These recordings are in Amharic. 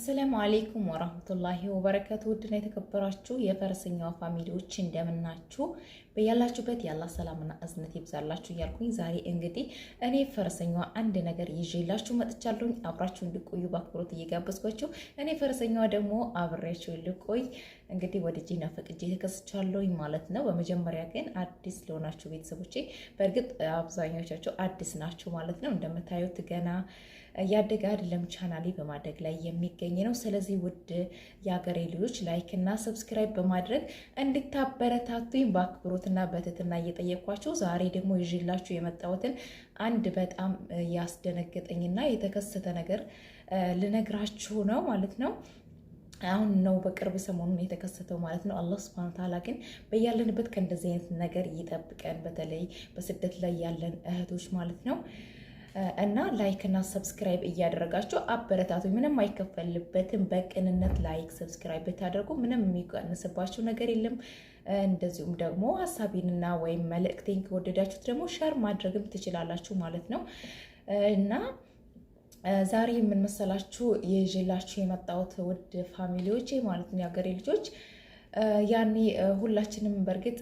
አሰላሙ አሌይኩም ወራህመቱላሂ ወበረከቱ። ውድና የተከበራችሁ የፈረሰኛዋ ፋሚሊዎች እንደምናችሁ በያላችሁበት ያላ ሰላምና እዝነት ይብዛላችሁ እያልኩኝ ዛሬ እንግዲህ እኔ ፈረሰኛዋ አንድ ነገር ይዤላችሁ መጥቻለሁኝ። አብራችሁ እንዲቆዩ በአክብሮት እየጋበዝኳችሁ እኔ ፈረሰኛዋ ደግሞ አብሬያችሁ ልቆይ እንግዲህ ወደጄና ፈቅጄ ተከስቻለሁኝ ማለት ነው። በመጀመሪያ ግን አዲስ ለሆናችሁ ቤተሰቦቼ፣ በእርግጥ አብዛኞቻችሁ አዲስ ናችሁ ማለት ነው። እንደምታዩት ገና እያደገ አይደለም ቻናሌ በማደግ ላይ የሚገኝ ነው። ስለዚህ ውድ የሀገሬ ልጆች ላይክ እና ሰብስክራይብ በማድረግ እንድታበረታቱኝ በአክብሮት በአክብሮትና በትትና እየጠየኳቸው ዛሬ ደግሞ ይዤላችሁ የመጣሁትን አንድ በጣም ያስደነገጠኝና የተከሰተ ነገር ልነግራችሁ ነው ማለት ነው። አሁን ነው በቅርብ ሰሞኑን የተከሰተው ማለት ነው። አላህ ሱብሃነሁ ተዓላ ግን በያለንበት ከእንደዚህ አይነት ነገር ይጠብቀን፣ በተለይ በስደት ላይ ያለን እህቶች ማለት ነው። እና ላይክ እና ሰብስክራይብ እያደረጋችሁ አበረታቱ። ምንም አይከፈልበትም። በቅንነት ላይክ ሰብስክራይብ ብታደርጉ ምንም የሚቀንስባቸው ነገር የለም። እንደዚሁም ደግሞ ሀሳቤንና ወይም መልእክቴን ከወደዳችሁት ደግሞ ሸር ማድረግም ትችላላችሁ ማለት ነው እና ዛሬ የምንመሰላችሁ የዥላችሁ የመጣሁት ውድ ፋሚሊዎች ማለት ነው የሀገሬ ልጆች ያኔ ሁላችንም በእርግጥ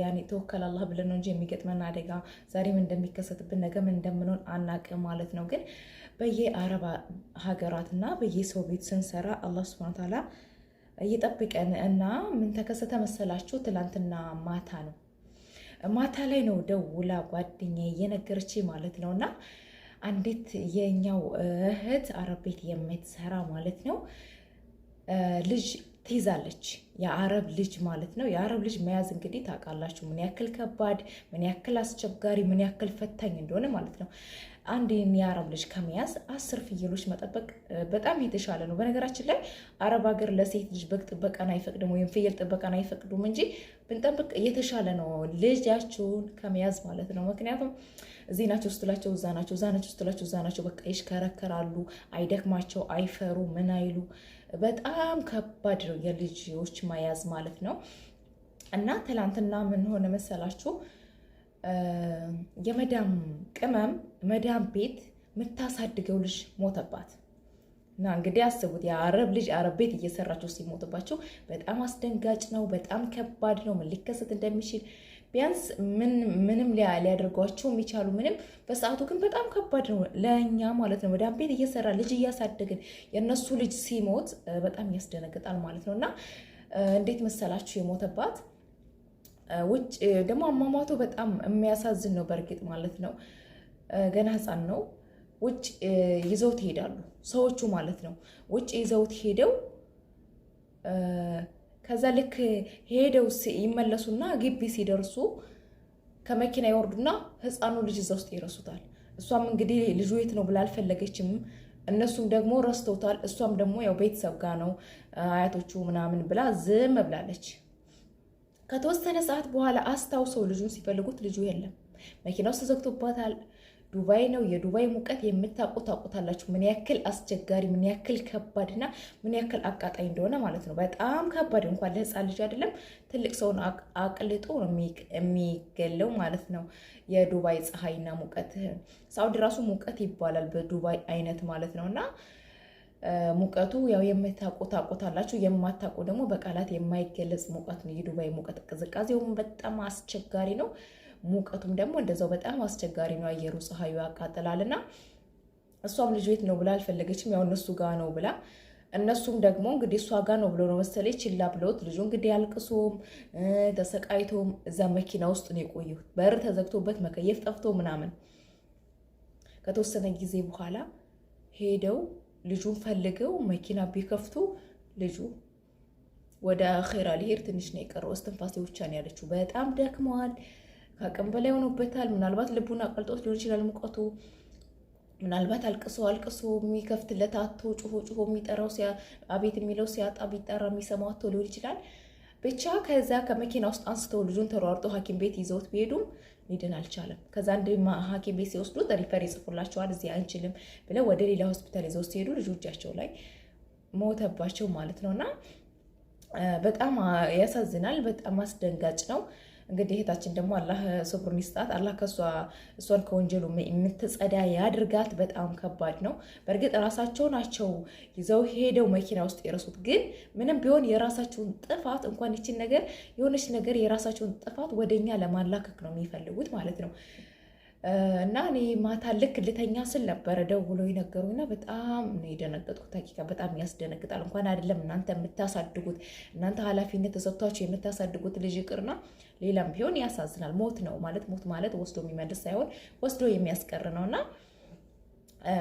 ያኔ ተወከል አላህ ብለን ነው እንጂ የሚገጥመን አደጋ ዛሬም እንደሚከሰትብን ነገም እንደምንሆን አናቅም ማለት ነው። ግን በየአረብ ሀገራትና በየሰው ቤት ስንሰራ አላህ ሱብሃነሁ ወተዓላ ይጠብቀን እና ምን ተከሰተ መሰላችሁ? ትላንትና ማታ ነው ማታ ላይ ነው ደውላ ጓደኛዬ እየነገረች ማለት ነው እና አንዲት የኛው እህት አረብ ቤት የምትሰራ ማለት ነው ልጅ ትይዛለች። የአረብ ልጅ ማለት ነው። የአረብ ልጅ መያዝ እንግዲህ ታውቃላችሁ ምን ያክል ከባድ፣ ምን ያክል አስቸጋሪ፣ ምን ያክል ፈታኝ እንደሆነ ማለት ነው። አንድ የአረብ ልጅ ከመያዝ አስር ፍየሎች መጠበቅ በጣም የተሻለ ነው። በነገራችን ላይ አረብ ሀገር ለሴት ልጅ በግ ጥበቃን አይፈቅድም ወይም ፍየል ጥበቃን አይፈቅዱም እንጂ ብንጠብቅ የተሻለ ነው፣ ልጃችሁን ከመያዝ ማለት ነው። ምክንያቱም እዚህ ናቸው ስትላቸው እዛ ናቸው፣ እዛ ናቸው ስትላቸው እዛ ናቸው። በቃ ይሽከረከራሉ፣ አይደክማቸው፣ አይፈሩ፣ ምን አይሉ። በጣም ከባድ ነው የልጆች መያዝ ማለት ነው። እና ትላንትና ምን ሆነ መሰላችሁ? የመዳም ቅመም መዳም ቤት የምታሳድገው ልጅ ሞተባት እና እንግዲህ አስቡት የአረብ ልጅ አረብ ቤት እየሰራቸው ሲሞትባቸው በጣም አስደንጋጭ ነው። በጣም ከባድ ነው። ምን ሊከሰት እንደሚችል ቢያንስ ምንም ሊያደርጓቸው የሚቻሉ ምንም፣ በሰዓቱ ግን በጣም ከባድ ነው ለእኛ ማለት ነው። መዳም ቤት እየሰራ ልጅ እያሳደግን የእነሱ ልጅ ሲሞት በጣም ያስደነግጣል ማለት ነው እና እንዴት መሰላችሁ የሞተባት ውጭ ደግሞ አሟሟቱ በጣም የሚያሳዝን ነው። በእርግጥ ማለት ነው ገና ህፃን ነው። ውጭ ይዘውት ይሄዳሉ ሰዎቹ ማለት ነው። ውጭ ይዘውት ሄደው ከዛ ልክ ሄደው ይመለሱና ግቢ ሲደርሱ ከመኪና ይወርዱና ህፃኑ ልጅ እዛ ውስጥ ይረሱታል። እሷም እንግዲህ ልጁ የት ነው ብላ አልፈለገችም። እነሱም ደግሞ ረስተውታል። እሷም ደግሞ ያው ቤተሰብ ጋ ነው አያቶቹ ምናምን ብላ ዝም ብላለች። ከተወሰነ ሰዓት በኋላ አስታውሰው ልጁን ሲፈልጉት ልጁ የለም። መኪናው ተዘግቶባታል። ዱባይ ነው። የዱባይ ሙቀት የምታውቁ ታውቁታላችሁ፣ ምን ያክል አስቸጋሪ፣ ምን ያክል ከባድና ምን ያክል አቃጣኝ እንደሆነ ማለት ነው። በጣም ከባድ እንኳን ለህፃን ልጅ አይደለም ትልቅ ሰውን አቅልጦ የሚገለው ማለት ነው። የዱባይ ፀሐይና ሙቀት ሳውዲ ራሱ ሙቀት ይባላል በዱባይ አይነት ማለት ነው እና ሙቀቱ ያው የምታውቁ ታውቁታላችሁ፣ የማታውቁ ደግሞ በቃላት የማይገለጽ ሙቀት ነው የዱባይ ሙቀት። ቅዝቃዜውም በጣም አስቸጋሪ ነው፣ ሙቀቱም ደግሞ እንደዛው በጣም አስቸጋሪ ነው። አየሩ ፀሐዩ ያቃጥላል እሷም ልጅ ቤት ነው ብላ አልፈለገችም። ያው እነሱ ጋ ነው ብላ እነሱም ደግሞ እንግዲህ እሷ ጋ ነው ብሎ ነው መሰለኝ ችላ ብለውት ልጁ እንግዲህ አልቅሶም ተሰቃይቶም እዛ መኪና ውስጥ ነው የቆየው በር ተዘግቶበት መከየፍ ጠፍቶ ምናምን ከተወሰነ ጊዜ በኋላ ሄደው ልጁን ፈልገው መኪና ቢከፍቱ ልጁ ወደ አኼራ ሊሄድ ትንሽ ነው የቀረው። እስትንፋሴ ብቻ ነው ያለችው። በጣም ደክመዋል። ከአቅም በላይ ሆኖበታል። ምናልባት ልቡን አቀልጦት ሊሆን ይችላል ሙቀቱ። ምናልባት አልቅሶ አልቅሶ የሚከፍትለት አቶ ጩሆ ጩሆ የሚጠራው አቤት የሚለው ሲያጣ ቢጠራ የሚሰማው አቶ ሊሆን ይችላል። ብቻ ከዛ ከመኪና ውስጥ አንስተው ልጁን ተሯርጦ ሐኪም ቤት ይዘውት ቢሄዱም ሊድን አልቻለም። ከዛ አንድ ሐኪም ቤት ሲወስዱት ሪፈር ይጽፉላቸዋል። እዚህ አንችልም ብለው ወደ ሌላ ሆስፒታል ይዘው ሲሄዱ ልጁ እጃቸው ላይ ሞተባቸው ማለት ነው። እና በጣም ያሳዝናል። በጣም አስደንጋጭ ነው። እንግዲህ እህታችን ደግሞ አላህ ሶብሩን ይስጣት። አላህ ከእሷ እሷን ከወንጀሉ የምትጸዳ ያድርጋት። በጣም ከባድ ነው። በእርግጥ ራሳቸው ናቸው ይዘው ሄደው መኪና ውስጥ የረሱት። ግን ምንም ቢሆን የራሳቸውን ጥፋት እንኳን ይችን ነገር የሆነች ነገር የራሳቸውን ጥፋት ወደኛ ለማላከክ ነው የሚፈልጉት ማለት ነው። እና እኔ ማታ ልክ ልተኛ ስል ነበረ ደውሎ የነገሩና በጣም ነው የደነገጥኩት። ሀቂቃ በጣም ያስደነግጣል። እንኳን አይደለም እናንተ የምታሳድጉት እናንተ ኃላፊነት ተሰጥቷቸው የምታሳድጉት ልጅ ይቅርና ሌላም ቢሆን ያሳዝናል። ሞት ነው ማለት ሞት ማለት ወስዶ የሚመልስ ሳይሆን ወስዶ የሚያስቀር ነው እና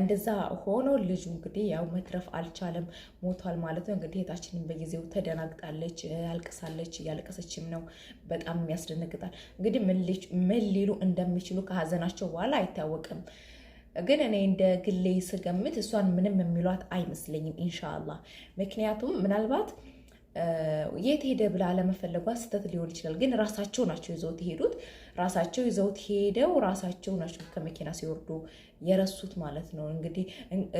እንደዛ ሆኖ ልጁ እንግዲህ ያው መትረፍ አልቻለም፣ ሞቷል ማለት ነው። እንግዲህ እህታችንን በጊዜው ተደናግጣለች፣ አልቅሳለች፣ እያለቀሰችም ነው። በጣም የሚያስደነግጣል። እንግዲህ ምን ሊሉ እንደሚችሉ ከሀዘናቸው በኋላ አይታወቅም። ግን እኔ እንደ ግሌ ስገምት እሷን ምንም የሚሏት አይመስለኝም። ኢንሻአላህ ምክንያቱም ምናልባት የት ሄደ ብላ ለመፈለጓ ስህተት ሊሆን ይችላል። ግን ራሳቸው ናቸው ይዘውት ሄዱት። ራሳቸው ይዘውት ሄደው ራሳቸው ናቸው ከመኪና ሲወርዱ የረሱት ማለት ነው። እንግዲህ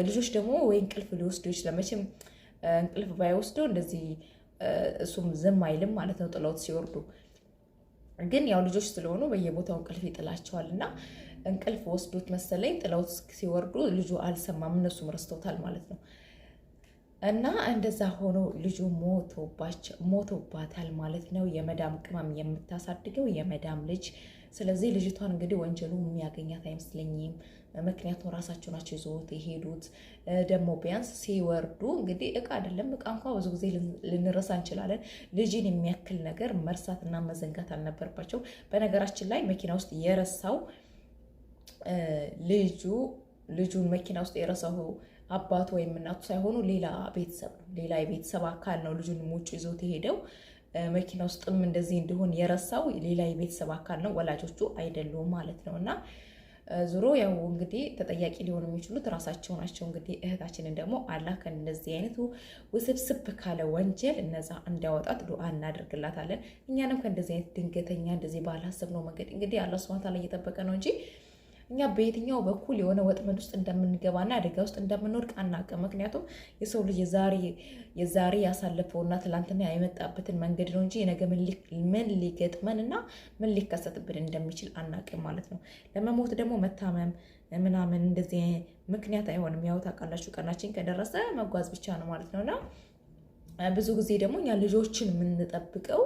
ልጆች ደግሞ ወይ እንቅልፍ ሊወስዱ ይችላል። መቼም እንቅልፍ ባይወስደው እንደዚህ እሱም ዝም አይልም ማለት ነው። ጥለውት ሲወርዱ ግን ያው ልጆች ስለሆኑ በየቦታው እንቅልፍ ይጥላቸዋል እና እንቅልፍ ወስዶት መሰለኝ ጥለውት ሲወርዱ ልጁ አልሰማም፣ እነሱም ረስተውታል ማለት ነው። እና እንደዛ ሆኖ ልጁ ሞቶባታል ማለት ነው። የመዳም ቅመም የምታሳድገው የመዳም ልጅ። ስለዚህ ልጅቷን እንግዲህ ወንጀሉ የሚያገኛት አይመስለኝም። ምክንያቱም ራሳቸው ናቸው ይዞት የሄዱት። ደግሞ ቢያንስ ሲወርዱ እንግዲህ እቃ አይደለም እቃ እንኳ ብዙ ጊዜ ልንረሳ እንችላለን። ልጅን የሚያክል ነገር መርሳትና መዘንጋት አልነበረባቸው። በነገራችን ላይ መኪና ውስጥ የረሳው ልጁ ልጁን መኪና ውስጥ የረሳው አባት ወይም እናቱ ሳይሆኑ ሌላ ቤተሰብ ነው፣ ሌላ የቤተሰብ አካል ነው ልጁንም ውጭ ይዞት የሄደው መኪና ውስጥም እንደዚህ እንዲሆን የረሳው ሌላ የቤተሰብ አካል ነው፣ ወላጆቹ አይደሉም ማለት ነው። እና ዙሮ ያው እንግዲህ ተጠያቂ ሊሆኑ የሚችሉት ራሳቸው ናቸው። እንግዲህ እህታችንን ደግሞ አላህ ከእንደዚህ አይነቱ ውስብስብ ካለ ወንጀል እነዛ እንዲያወጣት ዱዓ እናደርግላታለን። እኛንም ከእንደዚህ አይነት ድንገተኛ እንደዚህ ባላሰብነው መንገድ እንግዲህ አላህ ሱብሃነሁ ወተዓላ እየጠበቀ ነው እንጂ እኛ በየትኛው በኩል የሆነ ወጥመድ ውስጥ እንደምንገባና አደጋ ውስጥ እንደምንወድቅ አናውቅም። ምክንያቱም የሰው ልጅ የዛሬ ያሳለፈውና ትላንትና የመጣበትን መንገድ ነው እንጂ የነገ ምን ሊገጥመን እና ምን ሊከሰትብን እንደሚችል አናውቅም ማለት ነው። ለመሞት ደግሞ መታመም ምናምን እንደዚህ ምክንያት አይሆንም። ያው ታውቃላችሁ፣ ቀናችን ከደረሰ መጓዝ ብቻ ነው ማለት ነውና ብዙ ጊዜ ደግሞ እኛ ልጆችን የምንጠብቀው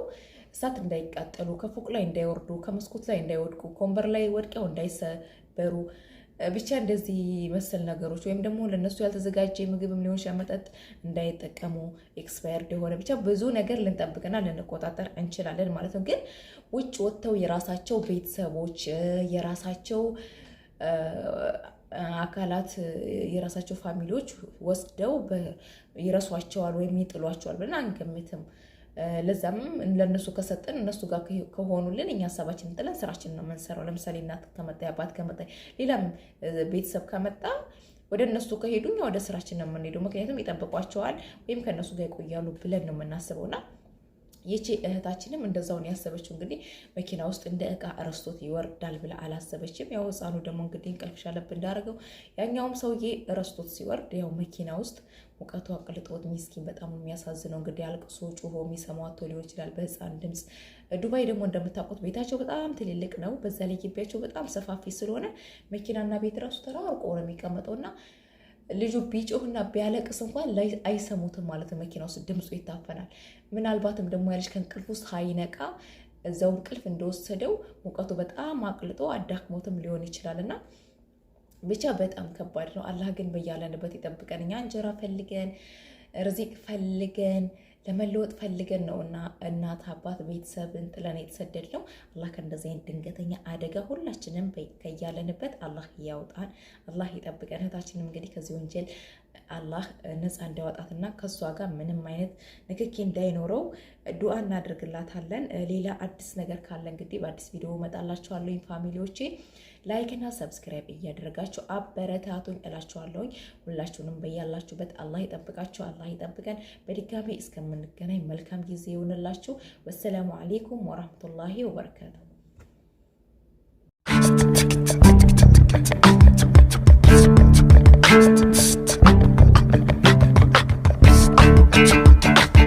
እሳት እንዳይቃጠሉ፣ ከፎቅ ላይ እንዳይወርዱ፣ ከመስኮት ላይ እንዳይወድቁ፣ ከወንበር ላይ ወድቀው እንዳይሰበሩ ብቻ እንደዚህ መሰል ነገሮች ወይም ደግሞ ለነሱ ያልተዘጋጀ ምግብም ሊሆን ይችላል፣ መጠጥ እንዳይጠቀሙ ኤክስፓየርድ የሆነ ብቻ ብዙ ነገር ልንጠብቅና ልንቆጣጠር እንችላለን ማለት ነው። ግን ውጭ ወጥተው የራሳቸው ቤተሰቦች የራሳቸው አካላት የራሳቸው ፋሚሊዎች ወስደው ይረሷቸዋል ወይም ይጥሏቸዋል ብለን አንገምትም። ለዛም ለእነሱ ከሰጠን እነሱ ጋር ከሆኑልን እኛ ሀሳባችንን ጥለን ስራችን ነው የምንሰራው። ለምሳሌ እናት ከመጣ አባት ከመጣ ሌላም ቤተሰብ ከመጣ ወደ እነሱ ከሄዱ እኛ ወደ ስራችን ነው የምንሄደው። ምክንያቱም ይጠብቋቸዋል ወይም ከእነሱ ጋር ይቆያሉ ብለን ነው የምናስበውና ይቺ እህታችንም እንደዛውን ያሰበችው እንግዲህ መኪና ውስጥ እንደ እቃ ረስቶት ይወርዳል ብላ አላሰበችም። ያው ህፃኑ ደግሞ እንግዲህ እንቅልፍ ሻለብ እንዳደረገው ያኛውም ሰውዬ ረስቶት ሲወርድ ያው መኪና ውስጥ ሙቀቱ አቅልጦት ሚስኪን በጣም የሚያሳዝነው እንግዲህ አልቅሶ ጩሆ የሚሰማቶ ሊሆን ይችላል በህፃን ድምፅ። ዱባይ ደግሞ እንደምታውቁት ቤታቸው በጣም ትልልቅ ነው። በዛ ላይ ግቢያቸው በጣም ሰፋፊ ስለሆነ መኪናና ቤት ራሱ ተራርቆ ነው የሚቀመጠውና ልጁ ቢጮህና ቢያለቅስ እንኳን አይሰሙትም ማለት ነው። መኪና ውስጥ ድምፁ ይታፈናል። ምናልባትም ደግሞ ያለች ከእንቅልፍ ውስጥ ሀይነቃ እዛው እንቅልፍ እንደወሰደው ሙቀቱ በጣም አቅልጦ አዳክሞትም ሊሆን ይችላል እና ብቻ በጣም ከባድ ነው። አላህ ግን በያለንበት ይጠብቀን። እኛ እንጀራ ፈልገን ርዚቅ ፈልገን ለመለወጥ ፈልገን ነው እና እናት አባት ቤተሰብን ጥለን የተሰደድ ነው። አላህ ከእንደዚህ አይነት ድንገተኛ አደጋ ሁላችንም ከያለንበት አላህ ያውጣን፣ አላህ ይጠብቀን። እህታችንም እንግዲህ ከዚህ ወንጀል አላህ ነፃ እንዲያወጣትና ከእሷ ጋር ምንም አይነት ንክኪ እንዳይኖረው ዱአ እናደርግላታለን። ሌላ አዲስ ነገር ካለ እንግዲህ በአዲስ ቪዲዮ እመጣላችኋለሁኝ። ፋሚሊዎቼ ላይክና ሰብስክራይብ እያደረጋችሁ አበረታቱኝ እላችኋለሁኝ። ሁላችሁንም በያላችሁበት አላህ ይጠብቃችሁ፣ አላህ ይጠብቀን። በድጋሚ እስከምንገናኝ መልካም ጊዜ ይሆንላችሁ። ወሰላሙ አሌይኩም ወራህመቱላሂ ወበረካቱ።